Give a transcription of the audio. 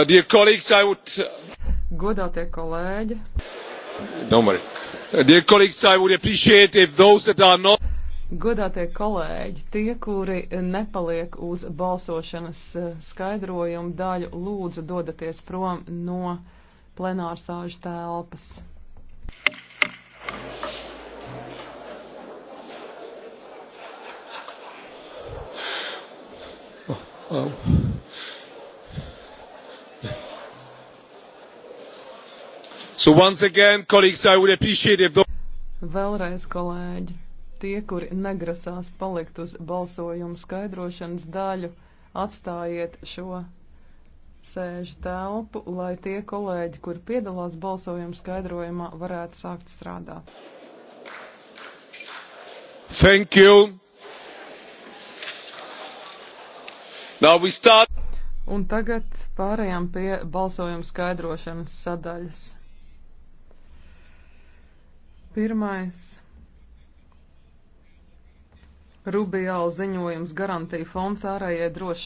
Uh, dear colleagues, I would... Uh, Godātie kolēģi. Numari. Uh, dear colleagues, I would appreciate if those that are not. Godātie kolēģi, tie, kuri nepaliek uz balsošanas uh, skaidrojumu daļu, lūdzu dodaties prom no plenārsāžu telpas. Oh, oh. So once again, colleagues, I would appreciate if... Vēlreiz, kolēģi, tie, kuri negrasās palikt uz balsojumu skaidrošanas daļu, atstājiet šo sēžu telpu, lai tie kolēģi, kuri piedalās balsojuma skaidrojumā, varētu sākt strādāt. Thank you. Now we start. Un tagad pārējām pie balsojuma skaidrošanas sadaļas. Pirmais. Rubijāla ziņojums garantija fonds ārējai drošībai.